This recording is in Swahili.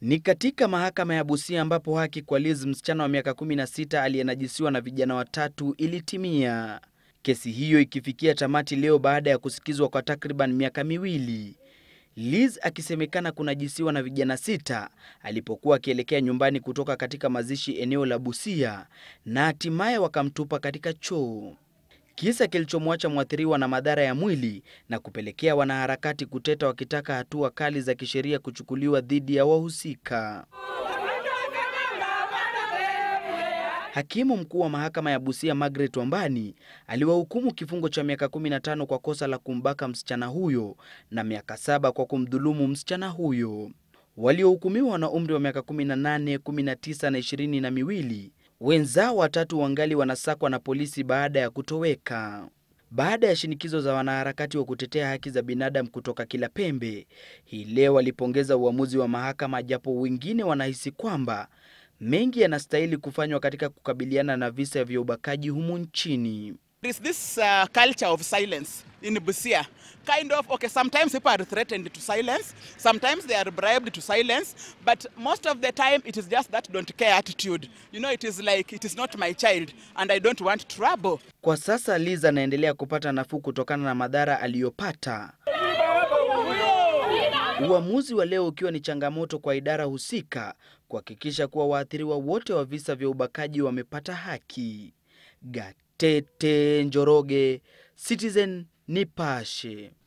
Ni katika mahakama ya Busia ambapo haki kwa Liz, msichana wa miaka 16 aliyenajisiwa na vijana watatu, ilitimia, kesi hiyo ikifikia tamati leo baada ya kusikizwa kwa takriban miaka miwili. Liz akisemekana kunajisiwa na vijana sita alipokuwa akielekea nyumbani kutoka katika mazishi eneo la Busia, na hatimaye wakamtupa katika choo kisa kilichomwacha mwathiriwa na madhara ya mwili na kupelekea wanaharakati kuteta wakitaka hatua kali za kisheria kuchukuliwa dhidi ya wahusika. Hakimu mkuu wa mahakama ya Busia Margaret Wambani aliwahukumu kifungo cha miaka 15 kwa kosa la kumbaka msichana huyo na miaka saba kwa kumdhulumu msichana huyo. Waliohukumiwa na umri wa miaka 18, 19 na ishirini na miwili Wenzao watatu wangali wanasakwa na polisi baada ya kutoweka. Baada ya shinikizo za wanaharakati wa kutetea haki za binadamu kutoka kila pembe, hii leo walipongeza uamuzi wa mahakama, japo wengine wanahisi kwamba mengi yanastahili kufanywa katika kukabiliana na visa vya ubakaji humu nchini is this uh, culture of silence in Busia. Kind of, okay, sometimes people are threatened to silence, sometimes they are bribed to silence, but most of the time it is just that don't care attitude. You know, it is like, it is not my child and I don't want trouble. Kwa sasa liza anaendelea kupata nafuu kutokana na madhara aliyopata. Uamuzi wa leo ukiwa ni changamoto kwa idara husika kuhakikisha kuwa waathiriwa wote wa visa vya ubakaji wamepata haki. Gati. Tete Njoroge, Citizen Nipashe.